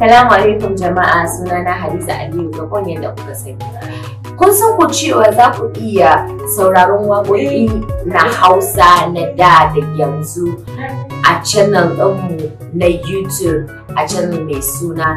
Salamu alaikum jama'a sunana Hadiza Aliyu da kunyan da kuka sani. Kun san ku cewa za ku iya sauraron waƙoƙi na Hausa na da da yanzu a channel ɗinmu na YouTube a channel mai suna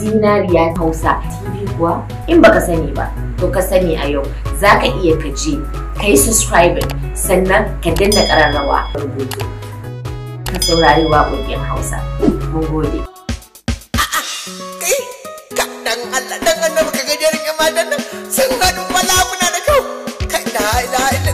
Zinariya Hausa TV kuwa? In baka sani ba, to ka sani a yau za ka iya ka je ka yi subscribing sannan ka danna ƙararrawa rubutu. Ka saurari waƙoƙin Hausa. Mun gode. Allah dan annabi ka ga jarin yan matan nan sun wala muna da kau kai la ilaha illa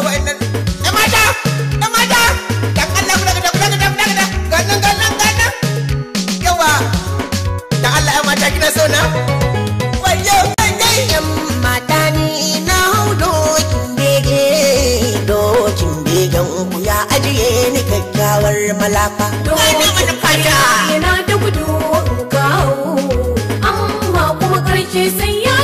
mata yan mata dan Allah kula daga daga daga daga gannan gannan gannan yawa dan Allah yan mata kina so na yan na dokin ya ajiye ni kyakkyawar malafa to ni fata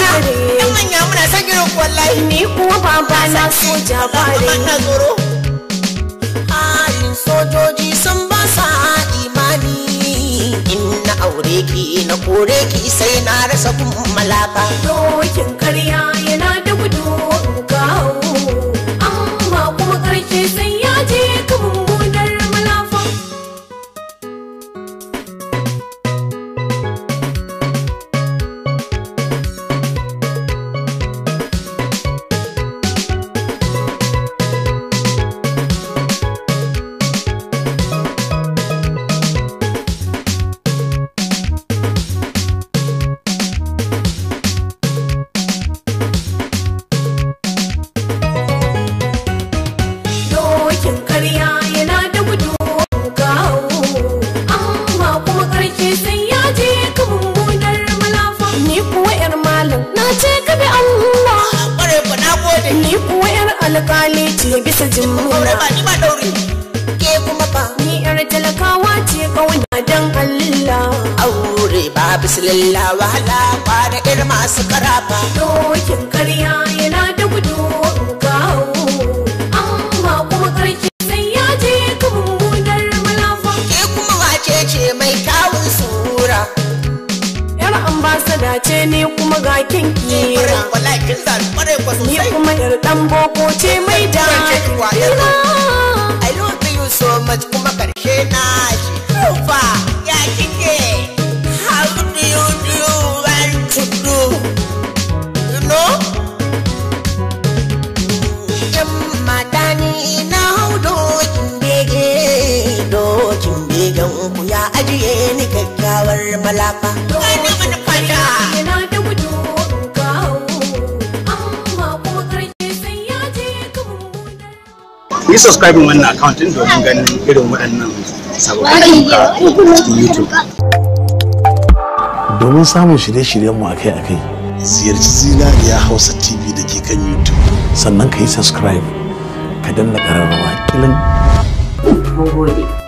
mata ba da halin sojoji sun ba sa imani in na aure ki na kore ki sai na rasa kun malaka dokin ne bisa jimmuna ba ni ba daure Ke kuma ba Ni yar talakawa ce kawai wani dan Allah Aure ba bisa lalla wahala ba da irma masu karafa Dokin karya yana da lalace ni kuma ga kinki ni kuma yar dan boko ce mai da I love you so much kuma karshe na shi fa ya kike how do you do want to do you know yan madani na haudo kimbege dokin begen ku ya ajiye ni Kakkawar malafa yi subscribe wannan account din domin ganin irin waɗannan sabon ayyuka cikin YouTube. Domin samun shirye mu akai-akai, ziyarci Zinariya Hausa TV da ke kan YouTube. Sannan ka yi subscribe, ka danna ƙararrawa kilin. Mun gode.